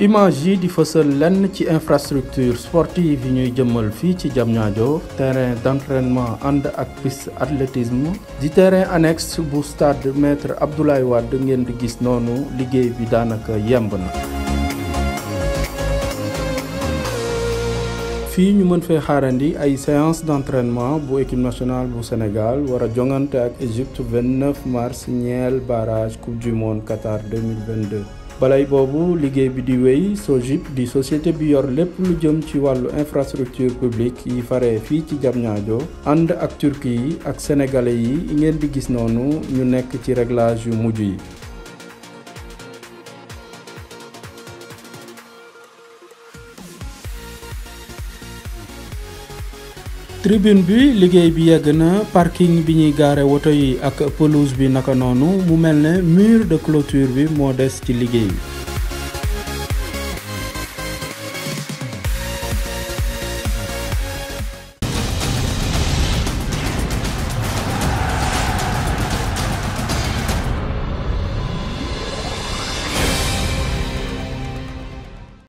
image yi di fësal lenn ci infrastructure sportive yi ñuy jëmmal fii ci Diamniadio terrain d'entraînement ànd ak piste athlétisme di terrain annexe bu stade maître Abdoulaye Wade ngeen di gis noonu liggéey bi daanaka yemb na. fii ñu mën fee xaarandi ay séance d'entraînement bu équipe nationale bu Sénégal war a jongante ak Égypte 29 mars ñeel barage coupe du monde Qatar 2022. balay boobu liggéey bi di wéy SOGIP di société bi yor lépp lu jëm ci wàllu infrastructure publique yi fare fii ci jam Diamniadio ànd ak turki yi ak sénégalais yi ngeen di gis noonu ñu nekk ci réglage yu mujj yi tribune bi liggéey bi yegg na parking bi ñuy gaare woto yi ak pelouse bi naka noonu mu mel ne mur de cloture bi moo des ci liggéey bi